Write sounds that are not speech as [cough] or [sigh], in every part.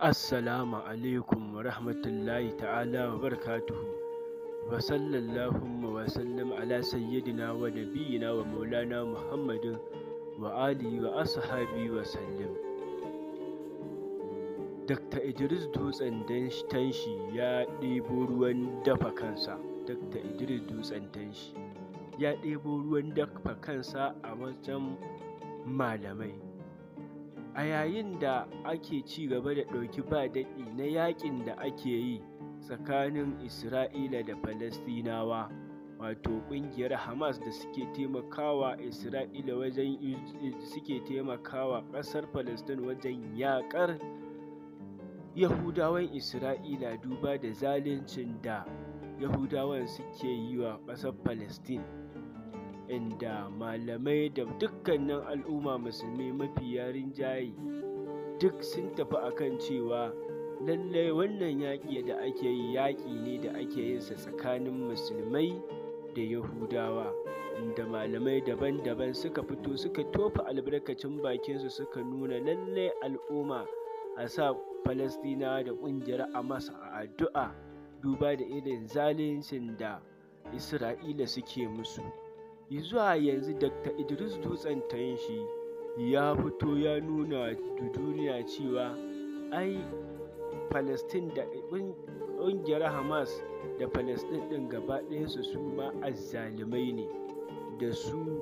Assalamu alaikum wa rahmatullahi ta'ala wa barakatuhu wa sallallahu wa sallam ala sayyidina wa nabiyina wa maulana muhammadin wa alihi wa ashabi wa sallam Dr. Idris Dutsen Tanshi ya ɗebo ruwan dafa kansa Dr. Idris Dutsen Tanshi ya ɗebo ruwan dafa kansa a wajen malamai A yayin da ake ci gaba da ɗauki-ba-daɗi na yaƙin da ake yi tsakanin Isra'ila da wato (ƙungiyar Hamas da suke taimakawa Isra'ila wajen suke taimakawa ƙasar Falastin wajen yaƙar Yahudawan Isra'ila duba da zaluncin da Yahudawan suke yi wa ƙasar Falasɗin). inda malamai da dukkanin al'umma musulmi mafi yarin jayi duk sun tafi akan cewa lallai wannan yaƙi da ake yi yaƙi ne da ake yinsa tsakanin musulmai da yahudawa inda malamai daban-daban suka fito suka tofa albarkacin bakinsu suka nuna lallai al'umma a sa falastinawa da ƙungiyar masa a addu'a duba da irin zaluncin da isra'ila suke musu zuwa yanzu Dr. Idris Dutsen shi ya fito ya nuna da duniya cewa ai Palestine da ƙungiyar Hamas da Palestine ɗin gaba ɗaya su ma azzalumai ne da su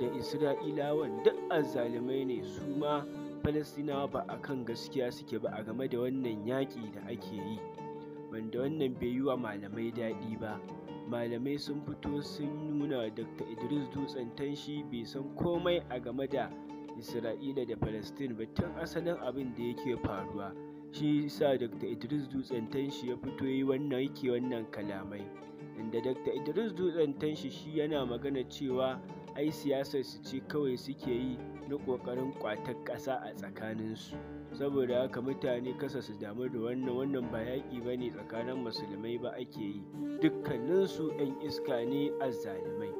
da Isra'ilawan duk azzalumai ne su ma Falastinawa ba a kan gaskiya suke ba a game da wannan yaƙi da ake yi wanda wannan bai yi wa malamai daɗi ba malamai sun fito sun nuna dr idris dutsen tanshi bai san komai a game da isra'ila da palestine ba tun asalin abin da yake faruwa shi sa dr idris dutsen tanshi ya fito yi wannan yake wannan kalamai inda dr idris dutsen tanshi shi yana magana cewa ai siyasar su ce kawai suke yi na ƙoƙarin ƙwatar ƙasa a tsakaninsu saboda haka mutane kasa su damu da wannan wannan ba yaƙi ba tsakanin musulmai ba ake yi dukkaninsu 'yan iska ne azzalumai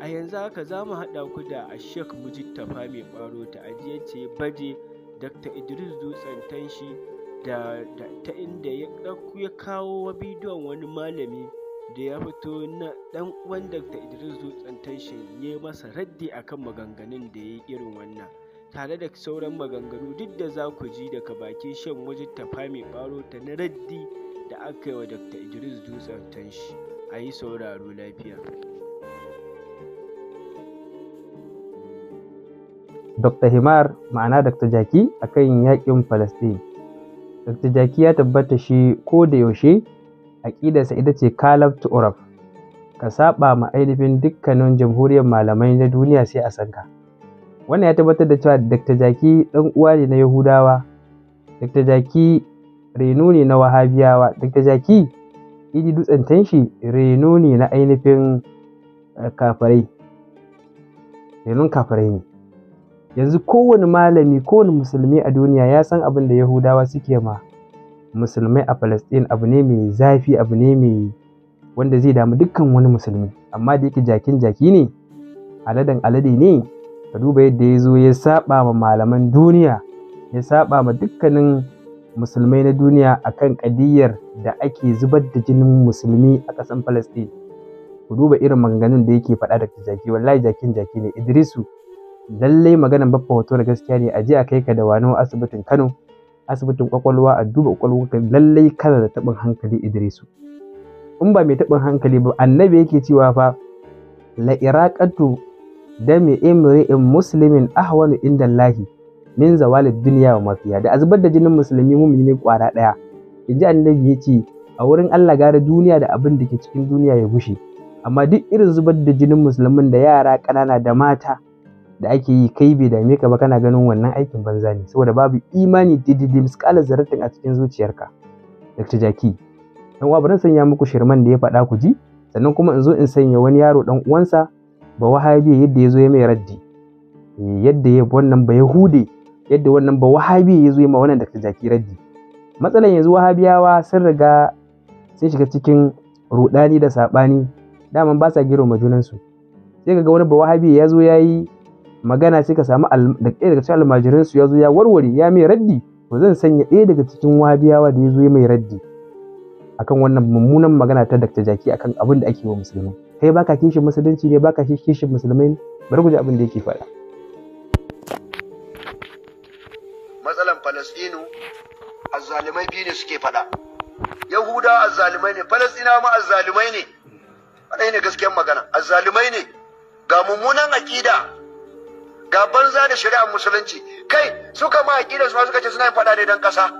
a yanzu haka za mu haɗa ku da a shek mujittafa mai ɓaro ta ajiye ce baje dr idris dutsen tanshi da ta inda ya kawo bidiyon wani malami da ya fito na dan uwan Dr. Idris Dutsen Tanshin ya masa raddi akan maganganun da ya yi irin wannan tare da sauran maganganu duk da za ku ji daga bakin shan wajen tafa mai baro ta na raddi da aka yi wa Dr. Idris Dutsen Tanshi a yi sauraro lafiya. Dr. Himar ma'ana Dr. Jaki akan yakin Falastin. Dr. Jaki ya tabbata shi ko da yaushe aƙidarsa ita ce "Caleb to urab ka saba ma ainihin dukkanin jamhuriyar malamai na duniya sai a san ka wannan ya tabbatar da cewa dr jaki dan uwa ne na yahudawa dr jaki reno ne na wahabiyawa dr jaki iji dutsen tanshi reno ne na ainihin eh, kafarai renon kafarai ne yanzu kowane malami kowane musulmi a duniya ya san abin da yahudawa suke ma musulmai a Palestine abu ne mai zafi abu ne mai wanda zai damu dukkan wani musulmi amma da yake jakin jaki ne aladen alade ne ka duba yadda ya zo ya saba ma malaman duniya ya saba ma dukkanin musulmai na duniya akan kadiyar da ake zubar da jinin musulmi a ƙasan Palestine ku duba irin maganganun da yake faɗa da jaki wallahi jakin jaki ne Idrisu lallai maganan baffa hoto da gaskiya ne a je a kai ka da wano asibitin Kano asibitin kwakwalwa a duba ka lallai kana da tabin hankali Idrisu in ba mai tabin hankali ba annabi yake cewa fa la iraqatu dami imri'in muslimin ahwanu inda lahi min zawalid duniya wa mafiya da azubar da jinin musulmi mumini kwara daya inji annabi yace a wurin Allah gara duniya da abin da ke cikin duniya ya gushe amma duk irin zubar da jinin musulmin da yara ƙanana da mata da ake yi kai bai dame ka ba kana ganin wannan aikin banza ne saboda babu imani dididim skalar zarratin a cikin zuciyarka Dr. Jaki dan uwa bari sanya muku shirman da ya faɗa ku ji sannan kuma in zo in sanya wani yaro dan uwansa ba wahabi yadda ya zo ya mai raddi eh, yadda ya wannan ba yahude yadda wannan ba wahabi ya zo ya ma wannan Dr. Jaki raddi matsalan yanzu wahabiyawa sun riga sun shiga cikin rudani da sabani daman ba sa girma junansu sai ga wani ba wahabi ya zo ya yi magana sai ka samu da ɗaya daga cikin almajirin su ya zo ya warware ya mai raddi to zan sanya ɗaya daga cikin wabiyawa da ya zo ya mai raddi akan wannan mummunan magana ta Dr. Jaki akan abin da ake wa musulmai kai baka kishin musulunci ne baka kishin musulmai bari ku ji abin da yake faɗa matsalan Falastinu azzalimai biyu ne suke faɗa Yahuda azzalimai ne Falastina ma azzalimai ne ɗaya ne gaskiyar magana azzalimai ne ga mummunan aƙida ga banza da shari'ar musulunci kai suka ma aƙida su suka ce suna yin faɗa ne don ƙasa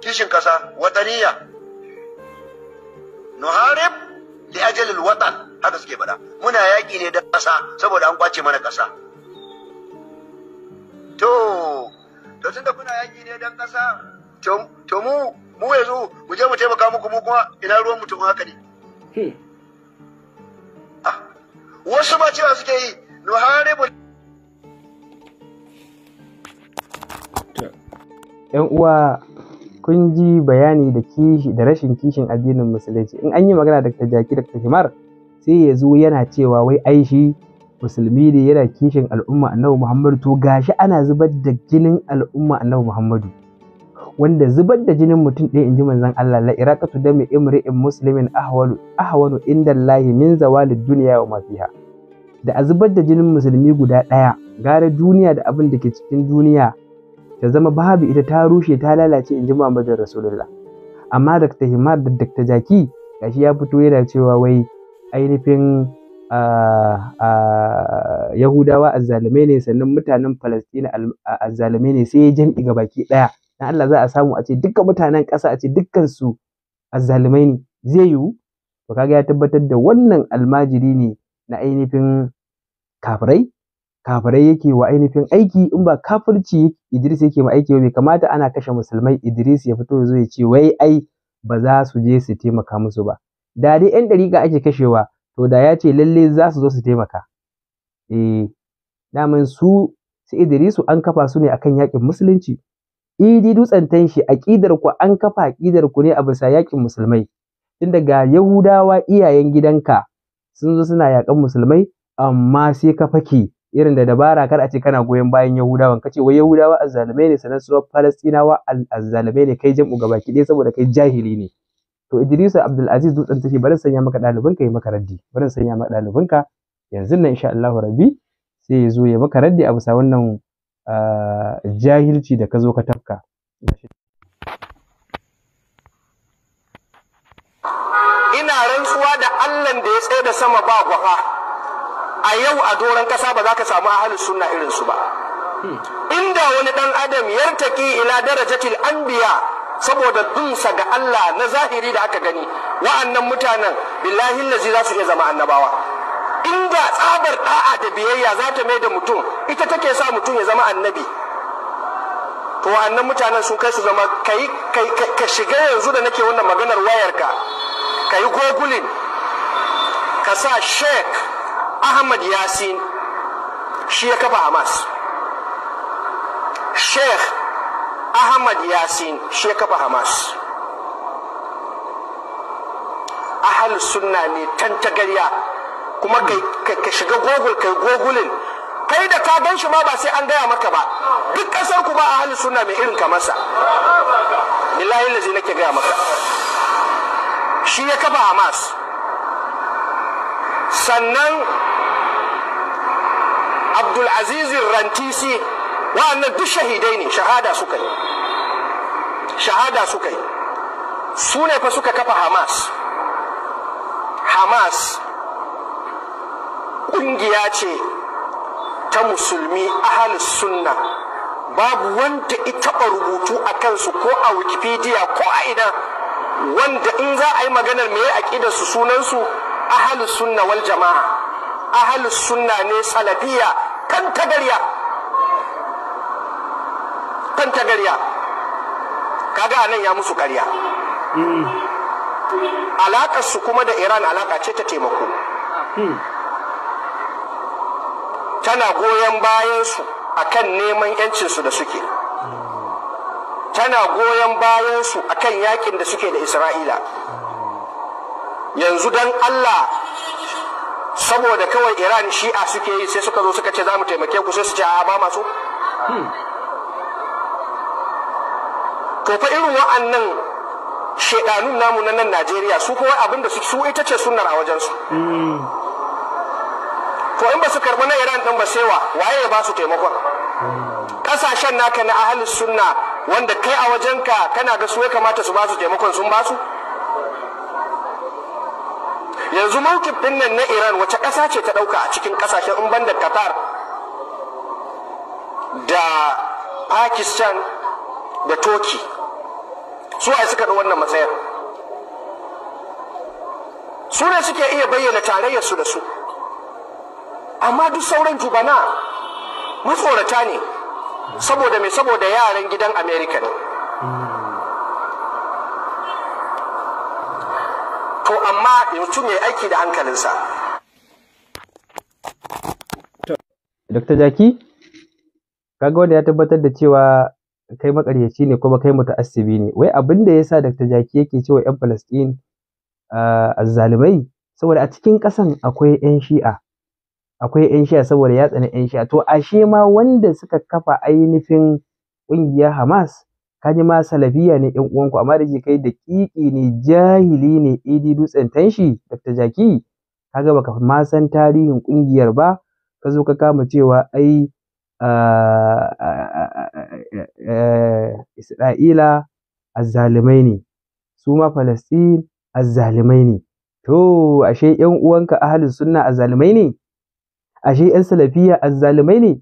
kishin ƙasa wataniya nuharib li ajalil watan haka suke faɗa muna yaƙi ne don ƙasa saboda an kwace mana ƙasa to to tunda kuna yaƙi ne don ƙasa to mu mu yanzu mu je mu taimaka muku mu kuma ina ruwan mutum haka ne hmm. ah, wasu ma cewa suke yi ‘Yan uwa kun ji bayani da kishi da rashin kishin addinin musulunci in an yi magana da jaki da himar sai ya zo yana cewa wai Aishi shi musulmi ne yana kishin al'umma annabi muhammadu to gashi ana zubar da jinin al'umma annabi muhammadu wanda zubar da jinin mutum ɗaya in ji manzon Allah la iraqatu dami imri'in muslimin ahwalu ahwanu inda min zawalid dunya wa ma da a zubar da jinin musulmi guda ɗaya gara duniya da abin da ke cikin duniya ta zama babu ita ta rushe ta lalace in ji Muhammadu Rasulullah amma Dr. Himar da Dr. Jaki gashi ya fito yana cewa wai ainihin Yahudawa azzalumai ne sannan mutanen Falastina azzalumai ne sai ya jam'i ga baki ɗaya na Allah za a samu a ce dukkan mutanen ƙasa a ce dukkan su azzalumai ne zai yiwu to kaga ya tabbatar da wannan almajiri ne na ainihin kafirai kafirai yake wa ainihin aiki in ba kafirci Idris yake ma aiki ba bai kamata ana kashe musulmai Idris ya fito zo ya ce wai ai ba za su je su taimaka musu ba da dai yan dariƙa ake kashewa to da ya ce lalle za su zo su taimaka eh daman su su Idrisu an kafa su ne akan yakin musulunci idi dutsen tanshi aqidar ku an kafa aqidar ku ne a bisa yakin musulmai tun daga Yahudawa iyayen gidanka sun zo suna yakan musulmai amma sai ka fake irin da dabara kar a ce kana goyon bayan Yahudawa. Ka ce wai Yahudawa azzalumai ne sanan su Falastinawa azzalumai ne kai jam'u gabaki ɗaya saboda kai jahili ne to Idris Abdul Aziz dutsen tashi bari sanya maka ka yi maka raddi bari sanya maka ɗalibin ka yanzu nan insha Allah rabbi sai ya zo ya maka raddi a bisa wannan ah, jahilci da ka zo ka tafka ina rantsuwa da Allah da ya tsaye da sama ba gwaka a yau a doron kasa ba za ka samu ahalin suna irin su ba inda wani dan adam yartaki ila darajatil anbiya saboda dunsa ga Allah na zahiri da aka gani wa'annan mutanen billahi lazi za su iya zama annabawa inda tsabar da'a da biyayya za ta mai da mutum ita take sa mutum ya zama annabi to wa'annan mutanen sun kai su zama ka shiga yanzu da nake wannan maganar wayarka ka yi gogulin ka sa sheik ahmad yasin shi ya kafa hamas sheik ahmad yasin shi ya kafa hamas ahal sunna ne tantagarya kuma ka shiga gogul kai gogulin kai da ka gan shi ma ba sai an gaya maka ba duk kasar ku ba ahal suna mai irin ka masa billahi lazi nake gaya maka shi ya kafa hamas sannan abdulaziz rantisi wa'annan duk shahidai ne shahada suka yi shahada suka yi su ne fa suka kafa hamas hamas ƙungiya ce ta musulmi ahalus sunna babu wanda ita rubutu a kansu ko a wikipedia ko a ina wanda in za a yi maganar me aqidar su sunan su sunna wal jamaa ahlus sunna ne salafiya kan tagarya kan tagarya kaga anan ya musu karya alaƙar su kuma da iran alaka ce ta taimako tana goyon bayan su akan neman 'yancinsu da suke tana goyon bayansu kan yakin da suke da isra'ila yanzu don allah saboda kawai iran shi'a suke yi sai suka zo suka ce za mu taimake ku sai su ce a ba masu irin wa'annan shaidanun namu na nan najeriya su kowa abin da su ita ce sunar a wajensu to in ba su karɓi na iran ɗin ba sai wa waye ba su taimakon ƙasashen naka na ahalus sunna wanda kai a wajenka kana ga su ya kamata su basu taimakon sun basu yanzu mawkifin nan na iran wace ƙasa ce ta ɗauka a cikin ƙasashen in banda qatar da pakistan da turkey su ai suka ɗau wannan matsayar su ne suke iya bayyana tarayyarsu da su amma duk sauran jubana matsorata ne saboda mai saboda yaran gidan Amerika ne to amma mutum ya aiki da hankalinsa Dr. Jaki, kaga wanda ya tabbatar da cewa kai makaryaci ne kuma kai asibi ne wai abin da ya sa Dr. Jaki yake cewa 'yan Palestine ah, zalimai saboda a cikin ƙasan akwai 'yan Shi'a akwai ‘yan shiya saboda ya tsani ‘yan shiya to ashe ma wanda suka kafa ainihin ƙungiyar Hamas ka ji ma salafiya ne ‘yan uwanku amma da ke kai daƙiƙi ne jahili ne idi dutsen tanshi Dr. Jaki ka ga baka ma san tarihin ƙungiyar ba ka zo ka kama cewa ai Isra'ila azzalumai ne su ma Falastin azzalumai ne to ashe ‘yan uwanka ahalin sunna azzalumai ne ashe ‘yan salafiya azzalumai ne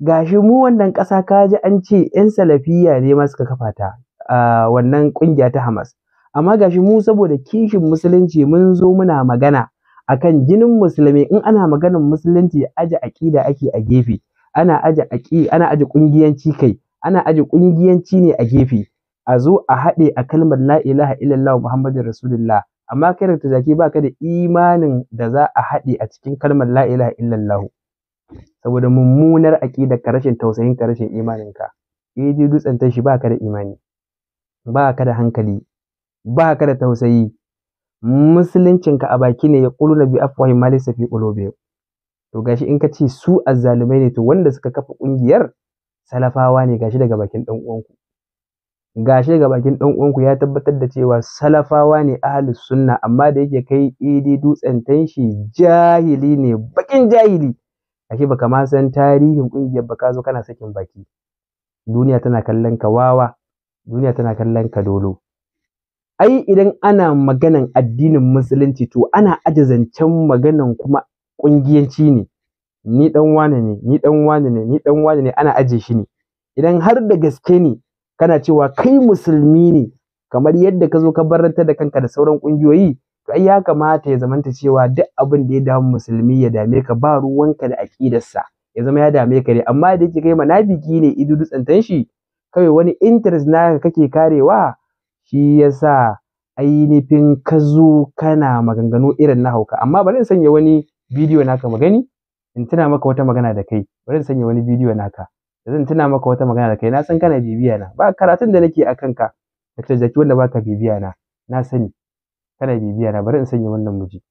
gashi mu wannan ƙasa ka ji an ce ‘yan salafiya ne ma suka kafa ta a wannan ƙungiya ta Hamas amma gashi mu saboda kishin musulunci mun zo muna magana akan jinin musulmi in ana maganar musulunci aje aƙida ake a gefe ana aje aƙi ana aje ƙungiyanci kai ana aje ƙungiyanci ne a gefe a zo a haɗe a kalmar la ilaha illallah muhammadur rasulullah amma kai da take ba ka da imanin da za a haɗe a cikin kalmar la ilaha illallah saboda mummunar aƙidar ka rashin tausayin ka rashin imanin ka eh, daidai dutsen tashi ba ka da imani ba ka da hankali ba ka da tausayi musuluncinka a baki ne ya ƙuluna nabi afwahi ma laysa fi qulubihim to gashi in ka ce su azzalumai ne to wanda suka kafa ƙungiyar salafawa ne gashi daga bakin ɗan uwanku gashi ga bakin dan uwanku ya tabbatar da cewa salafawa ne ahli sunna amma da yake kai idi dutsen tanshi jahili ne bakin jahili ashe baka ma san tarihin kungiyar ba ka zo kana sakin baki duniya tana kallon ka wawa duniya tana kallon ka dolo ai idan ana maganan addinin musulunci to ana aje zancen maganan kuma kungiyanci ne ni dan wane ne ni dan wane ne ni dan wane ne ana aje shi ne idan har da gaske ne kana cewa kai musulmi ne kamar yadda ka zo ka barrata da kanka da sauran ƙungiyoyi to ai ya kamata ya zamanta cewa duk abin da ya damu musulmi ya dame ka ba ruwanka da aƙidarsa ya zama ya dame ka ne amma da yake kai manabiki ne idu dutsantan shi kawai wani interest naka kake karewa shi yasa ainihin ka zo kana maganganu irin na hauka amma bari in sanya wani bidiyo naka magani in tuna maka wata magana da kai bari in sanya wani bidiyo naka zan tuna maka wata magana da kai na san kana bibiya na ba karatun da nake akan ka Dr. Jaki wanda baka bibiya na na sani kana bibiya na bari in sanya wannan miji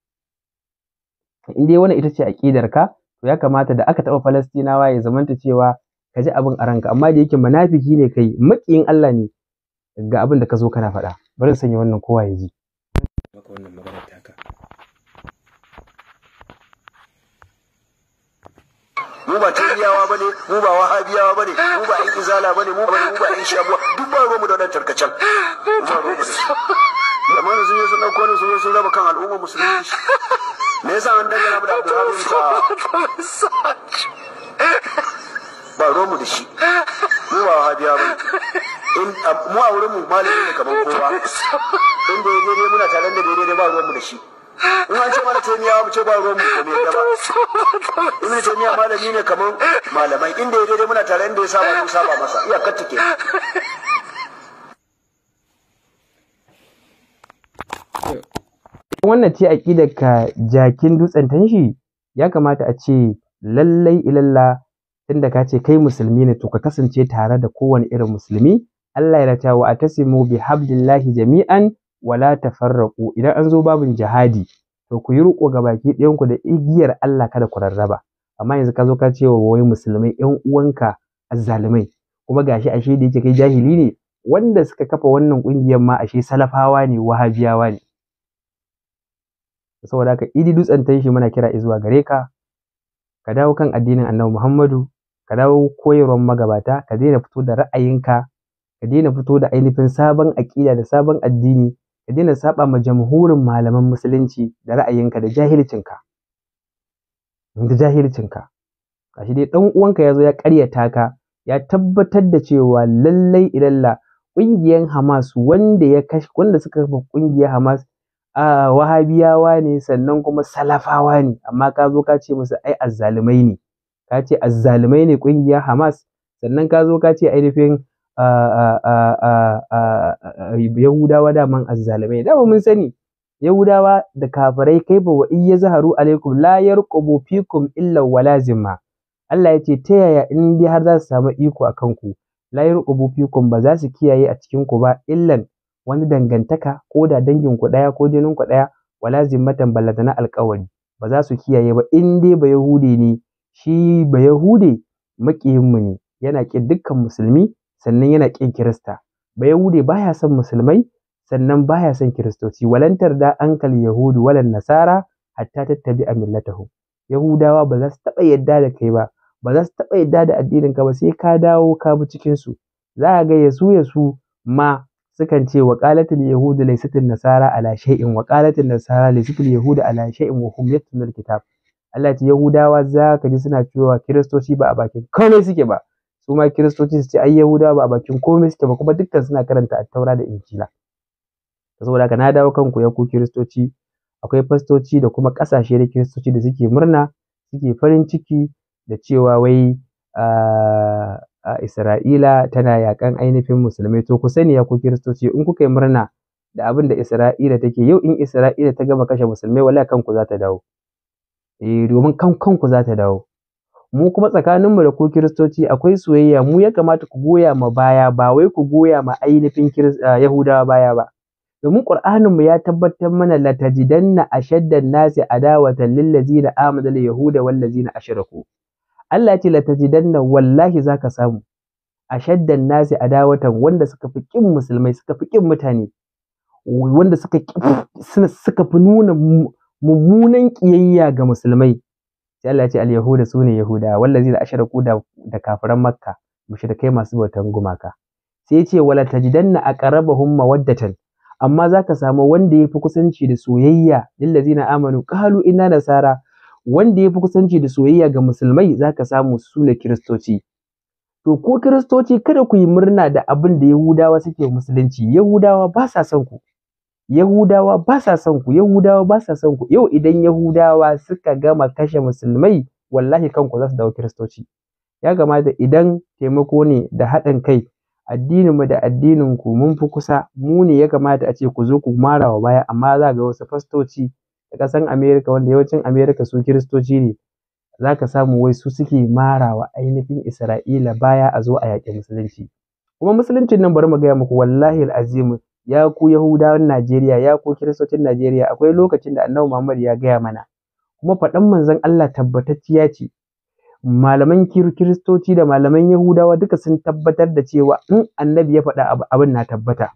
in dai wannan ita ce aqidar ka to ya kamata da aka taba Falastinawa ya zamanta cewa ka ji abin a ranka amma da yake munafiki ne kai makiyin Allah ne ga abin da ka zo kana faɗa bari in sanya wannan kowa ya ji wannan magana mu ba ba ne, mu ba wahabiyawa ba ne, mu ba yan izala ne, mu ba mu ba yan shabuwa duk ba ruwan mu da wannan tarkacen amma sun yi sun dauko ne sun yi sun raba kan al'umma musulmi me yasa an dangana mu da Abdulhamid ta ba ruwan mu da shi mu ba wahabiya ne. mu a wurin mu malami ne kamar kowa In da ya daidai muna tare da daidai ba ruwan mu da shi in an ce mana taimiya ce ba ruwan mu ne da ba taimiya malami ne kamar malamai inda ya daidai muna tare inda ya saba mu saba masa iyakar take wannan ce aƙidar ka jakin dutsen tanshi ya kamata a ce lallai ilalla tunda ka ce kai musulmi ne to ka kasance tare da kowane irin musulmi Allah ya ratawa a tasimu bi hablillahi jami'an wala tafarraqu idan an zo babin jihadi to ku yi riko ga baki ɗayan ku da igiyar Allah kada ku rarraba amma yanzu ka zo ka ce wa wai musulmai ƴan uwanka azzalumai kuma gashi ashe da yake kai jahili ne wanda suka kafa wannan kungiyar ma ashe salafawa ne wahabiyawa ne saboda haka idi dutsen shi muna kira zuwa gare ka ka dawo kan addinin annabi Muhammadu ka dawo koyarwar magabata ka daina fito da ra'ayinka ka daina fito da ainihin sabon aƙida da sabon addini ka daina saɓa ma jamhurin malaman musulunci da ra'ayinka da jahilcinka da jahilcinka shi dai ɗan uwanka ya zo ya ƙaryata ka ya tabbatar da cewa lallai ilalla ƙungiyar Hamas wanda ya kashe wanda suka kafa ƙungiyar Hamas a wahabiyawa ne sannan kuma salafawa ne amma ka zo ka ce musu ai azzalumai ne ka ce azzalumai ne ƙungiyar Hamas sannan ka zo ka ce ainihin Yahudawa daman azzalamai dama mun sani Yahudawa da kafirai kai ba wa iya zaharu alaikum la yarqubu fikum illa walazima Allah ya ce ta yaya in dai har za su samu iko a kanku la yarqubu fikum ba za su kiyaye a cikin ku ba illan wani dangantaka ko da dangin ku daya ko jinin ku daya walazimatan da ballatana alƙawari ba za su kiyaye ba in dai ba Yahude ne shi ba Yahude maƙiyin ne yana ƙin dukkan musulmi sannan yana ƙin Kirista. Bayahude ya son musulmai sannan ba ya son Kiristoci. Walantar da ankal Yahudu walan Nasara hatta tattabi a millatahu Yahudawa ba za su taɓa yadda da kai ba, ba za su taɓa yadda da addininka ba sai ka dawo ka bi cikinsu. Za a ga yasu yasu ma sukan ce wa yahudu laysatil nasara ala shay'in wa nasara laysatil yahudu ala shay'in wa hum yatlunul kitab. Allah ce Yahudawa za ka ji suna cewa Kiristoci ba a bakin komai suke ba. su ma kiristoci su ce ai yahudawa ba a bakin komai suke ba kuma dukkan suna karanta attaura da injila saboda haka na dawo kanku ya ku kiristoci akwai fastoci da kuma ƙasashe da kiristoci da suke murna suke farin ciki da cewa wai a Isra'ila tana yakan ainihin musulmai to ku sani ya ku kiristoci in kuka yi murna da abin da Isra'ila take yau in Isra'ila ta gama kashe musulmai wala kanku za ta dawo eh, domin kan kanku za ta dawo mu kuma tsakaninmu da ku kiristoci akwai soyayya mu ya kamata ku goya ma baya ba wai ku goya ma ainihin eh, yahudawa baya ba domin mu ya tabbatar mana la tajidanna an nasi adawatan lil ladina amanu lil yahuda wal ladina ashraku Allah ya ce la tajidanna wallahi zaka samu ashaddan nasi adawatan wanda suka fi kin musulmai suka fi kin mutane wanda suka suka fi nuna mummunan kiyayya ga musulmai sai Allah ya ce al-yahuda sune yahuda wallazina asharaku da da kafiran makka mushrikai masu bautan gumaka sai ya ce wala tajidanna aqrabahum mawaddatan amma zaka samu wanda yafi kusanci da soyayya lillazina amanu qalu inna nasara wanda yafi kusanci da soyayya ga musulmai zaka samu su ne kiristoci to ko kiristoci kada ku yi murna da abin da yahudawa suke musulunci yahudawa ba sa son ku Yahudawa ba sa son ku, Yahudawa ba sa son ku. Yau idan Yahudawa suka gama kashe musulmai, wallahi kanku za su dawo Kiristoci. Ya kamata idan taimako ne da haɗin kai, addininmu da addininku mun fi kusa, mu ne ya kamata a ce ku zo ku mara wa baya, amma za ga wasu fastoci da ƙasan Amerika wanda yawancin Amerika su Kiristoci ne, za ka samu wai su suke mara wa ainihin Isra'ila baya a zo a yaƙi musulunci. Kuma musuluncin nan bari mu gaya muku wallahi al'azimu ya ku Yahudawan Najeriya, ya ku Kiristocin Najeriya, akwai lokacin da Annabi Muhammad ya gaya mana, kuma faɗan manzon Allah tabbatacciya ce. Malaman Kiristoci da malaman Yahudawa duka sun tabbatar da cewa in Annabi ya faɗa abin na tabbata.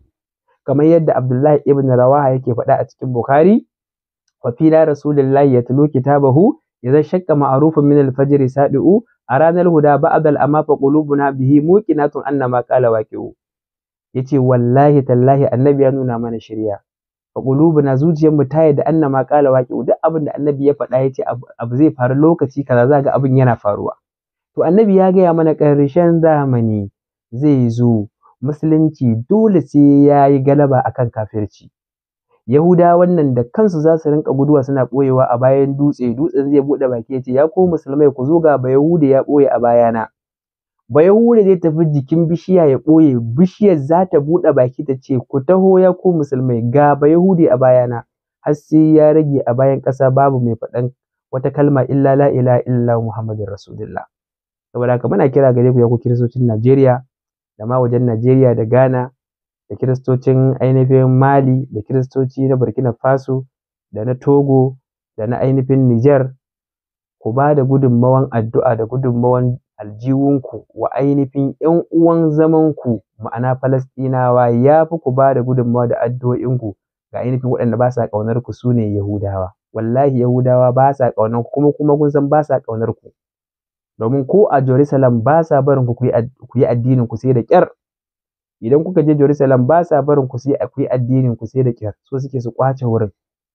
Kamar yadda Abdullahi ibn Rawaha yake faɗa a cikin Bukhari, wa da Rasulullahi ya tulu kitabahu ya zai shakka ma'arufin min alfajiri Fajiri sadi'u a ranar huda ba'adal amma fa qulubuna bihi muqinatun annama qala waqi'u yace wallahi tallahi annabi ya nuna mana shirya na zuciyar mu ta yadda annama qala waqi duk abin da annabi ya faɗa ya ce abu zai faru lokaci kaza za ga abin yana faruwa to annabi ya gaya mana ƙarshen zamani zai zo musulunci dole sai ya yi galaba akan kafirci yahuda wannan da kansu za su rinka guduwa suna ɓoyewa a bayan dutse dutsen zai buɗe baki ya ce ya ko musulmai ku zo ga ba yahuda ya ɓoye a bayana Bayahure zai tafi jikin bishiya ya ɓoye, bishiyar za ta buɗe baki ta ce, ku taho ya ku musulmai, ga hude a bayana, har sai ya rage a bayan ƙasa babu mai faɗan wata kalma illa la ilaha illallah Muhammadun Rasulullah. Saboda haka muna kira gare ku ya ku kiristocin Najeriya da ma wajen Najeriya da Ghana da kiristocin ainihin Mali da kiristoci na Burkina Faso da na Togo da na ainihin Niger ku ba da gudunmawan addu'a da gudunmawan aljihunku wa ainihin ‘yan uwan zamanku ma'ana falasɗinawa ya fi ku ba da gudunmawa da addu'o'inku ga ainihin waɗanda ba sa ƙaunar ku su ne Yahudawa. Wallahi Yahudawa ba sa ƙaunar ku kuma kuma kun san ba sa ƙaunar ku. Domin ko a Jerusalem ba sa barin ku ku yi addinin ku sai da ƙyar. Idan kuka je Jerusalem ba sa barin ku ku yi addinin ku sai da ƙyar so suke su ƙwace wurin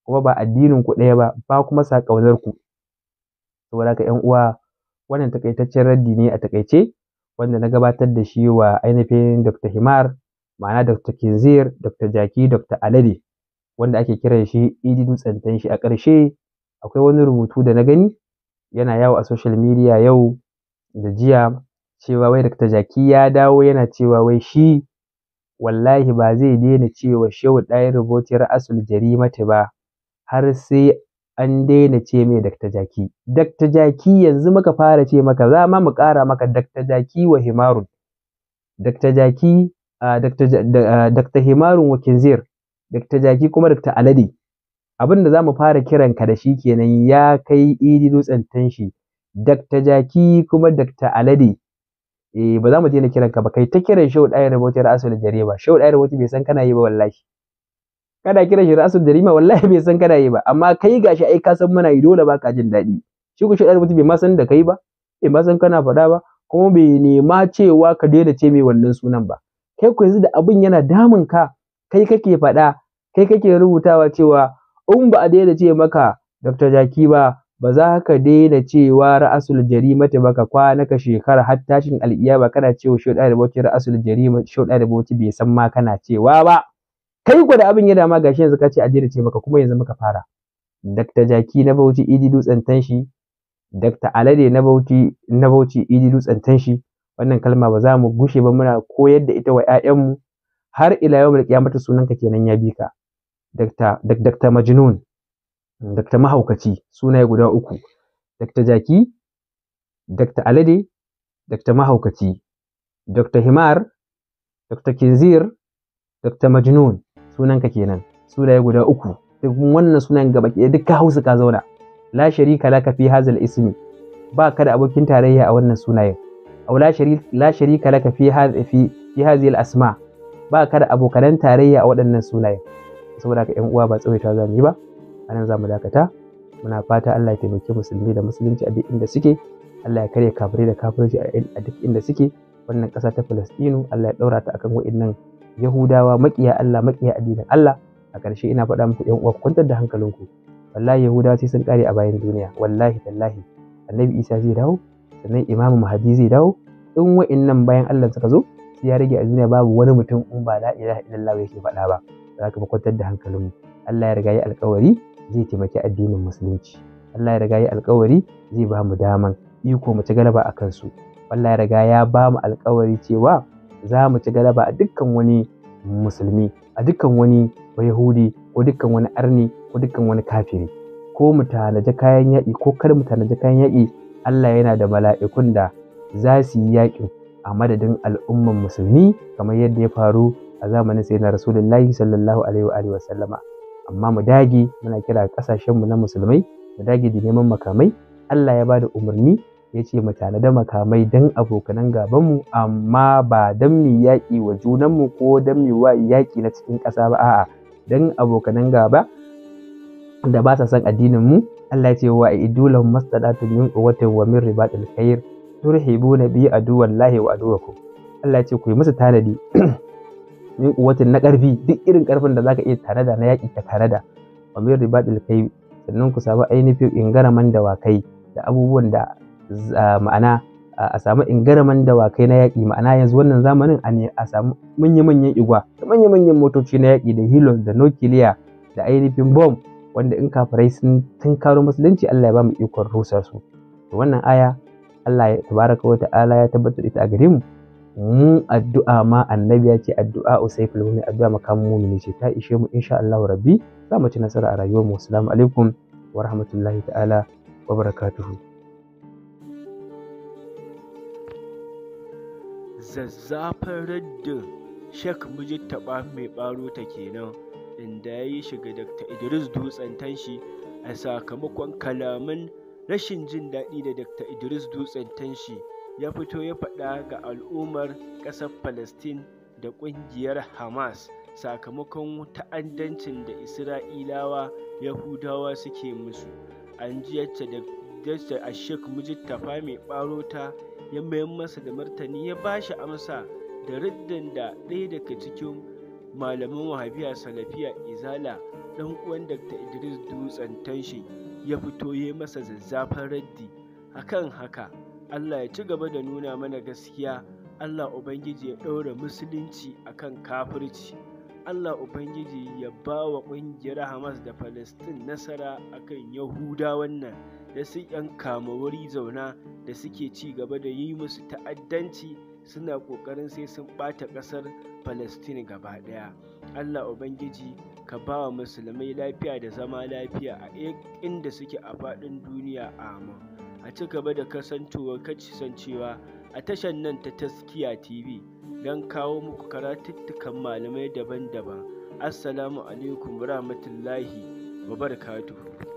kuma ba addinin ku ɗaya ba ba kuma sa ƙaunar ku. Saboda haka ‘yan uwa wannan taƙaitaccen raddi ne a taƙaice wanda na gabatar da shi wa ainihin Dr. Himar ma'ana Dr. Kinzir Dr. Jaki Dr. Alade wanda ake kiran shi idi dutsen tanshi a ƙarshe akwai wani rubutu da na gani yana yawo a social media yau da jiya cewa wai Dr. Jaki ya dawo yana cewa wai shi wallahi ba zai daina cewa Shehu Ɗahiru Bauchi ra'asul jarimati ba har sai an daina ce mai Dakta Jaki. Dakta Jaki yanzu muka fara ce maka za ma mu ƙara maka Dakta Jaki wa Himarun. Dakta Jaki, Dakta Himarun wa Kinzir, Dakta Jaki kuma Dakta Alade. Abin da za mu fara kiran ka da shi kenan ya kai idi dutsen tanshi. Dakta Jaki kuma Dakta Alade. Eh ba za mu daina kiran ka ba kai ta kiran Shehu Ɗayar Rabautar Jare Jareba. Shehu Ɗaya Rabautar bai san kana yi ba wallahi. Kada kira shi rasul jarima wallahi bai san kana yi ba amma kai gashi ai ka san muna yi dole baka jin daɗi shi ku shaɗar mutum bai ma san da kai ba bai ma san kana faɗa ba kuma bai nema cewa ka daina ce mai wannan sunan ba kai ku yanzu da abin yana damun ka kai kake faɗa kai kake rubutawa cewa in ba a daina ce maka Dr. Jaki ba ba za ka daina cewa ra'asul jarima ba ka kwana ka shekara har tashin ba kana cewa shoda da ra'asul jarima shoda da bai san ma kana cewa ba kai da abin ya dama gashi yanzu ka ce a daina ce maka kuma yanzu muka fara Dr. Jaki na Bauchi Idi Dutsen Tanshi Dr. Alade na Bauchi na Bauchi Idi Dutsen Tanshi wannan kalma ba za mu gushe ba muna koyar da ita wa ƴaƴanmu har ila yau mulki mata sunanka kenan ya bi ka Dr. Dr. Majnun Dr. Mahaukaci sunaye guda uku Dr. Jaki Dr. Alade Dr. Mahaukaci Dr. Himar Dr. Kinzir Dr. Majnun sunanka kenan sunaye guda uku duk wannan sunan gaba ke duk ka hausa ka zauna la sharika laka fi hazal ismi ba ka da abokin tarayya a wannan sunayen aw la sharika la sharika laka fi hadhi fi fi hadhihi al asma ba ka da abokan tarayya a waɗannan sunayen saboda ka ƴan uwa ba tsawaita za mu yi ba anan za mu dakata muna fata Allah ya taimaki musulmi da musulunci a duk inda suke Allah ya karya kafirai da kafirci a duk inda suke wannan ƙasa ta Falastinu Allah ya ɗaura ta akan waɗannan yahudawa maƙiya Allah maƙiya addinin Allah a ƙarshe ina faɗa muku ƴan uwa ku kwantar da hankalinku wallahi yahudawa sai sun ƙare a bayan duniya wallahi tallahi annabi isa zai dawo sannan imamu Mahdi zai dawo in wa'innan bayan Allah suka zo sai ya rage a duniya babu wani mutum in ba la ilaha illallah yake faɗa ba za ka kwantar da hankalinmu Allah ya riga ya alƙawari zai taimaki addinin musulunci Allah ya riga ya alƙawari zai ba mu daman iko mu ci galaba a kansu Allah ya riga ya ba mu alƙawari cewa za mu ci galaba a dukkan wani musulmi a dukkan wani yahudi ko dukkan wani arni ko dukkan wani kafiri ko mu tanaji kayan yaƙi ko kar mu tanaji kayan yaƙi Allah yana da mala'ikun da za su yi yaƙin a madadin al'umman musulmi kamar yadda ya faru a zamanin sayyidina rasulullahi sallallahu alaihi wa sallama amma mu dage muna kira kasashen mu na musulmai mu dage da neman makamai Allah ya bada umarni ya ce mu tanada makamai don abokanan gabanmu amma ba don mu yaƙi wa junanmu ko don mu wa yaƙi na cikin ƙasa ba a'a don abokanan gaba da ba sa son addinin mu Allah ya ce wa idulahum mastadatun min quwwatin wa min ribatil khair turhibuna bi aduwallahi wa aduwakum Allah ya ce ku yi musu tanadi [clears throat] min quwwatin na ƙarfi duk irin ƙarfin da zaka iya tanada na yaƙi ka tanada wa min ribatil khair sannan ku samu ainihin ingaraman dawakai da abubuwan da ma'ana a samu ingaraman dawakai na yaƙi ma'ana yanzu wannan zamanin a a samu manya-manyan igwa da manya-manyan motoci na yaƙi da hilon da nukiliya da ainihin bom wanda in kafirai sun tunkaro musulunci Allah ya ba mu ikon rusa su to wannan aya Allah ya tabaraka wa ta'ala ya tabbatar ita a gare mu mu addu'a ma annabi ya ce addu'a usaiful mu'min addu'a makamin mu'mini ce ta ishe mu insha Allah rabbi za mu ci nasara a rayuwar mu assalamu alaikum wa rahmatullahi ta'ala wa barakatuhu zazzafan raddin Sheikh taɓa mai ɓaro ta kenan inda ya yi shiga Dr. Idris Dutsen tanshi a sakamakon kalaman rashin jin daɗi da Dr. Idris Dutsen tanshi ya fito ya faɗa ga al'ummar ƙasar Palestine da ƙungiyar Hamas sakamakon ta'addancin da Isra'ilawa Yahudawa suke musu. An ji yadda yadda a sheik mujittafa mai ta ya mayar masa da martani ya ba shi amsa da raddan da ɗaya daga cikin malaman wahabiya salafiya izala ɗan uwan dakta idris dutsen tanshi ya fito ya masa zazzafan raddi akan haka allah ya ci gaba da nuna mana gaskiya allah ubangiji ya ɗaura musulunci akan kafirci allah ubangiji ya ba wa ƙungiyar hamas da palestine nasara akan yahuda wannan da su 'yan kamawari zauna da suke ci gaba da yi musu ta'addanci suna ƙoƙarin sai sun ɓata ƙasar Falastin gaba ɗaya. Allah Ubangiji ka ba wa musulmai lafiya da zama lafiya a inda suke a faɗin duniya amin. A ci gaba da san kasancewa a tashar nan ta taskiya TV don kawo muku karatuttukan malamai daban-daban. Assalamu alaikum rahmatullahi wa barakatuhu.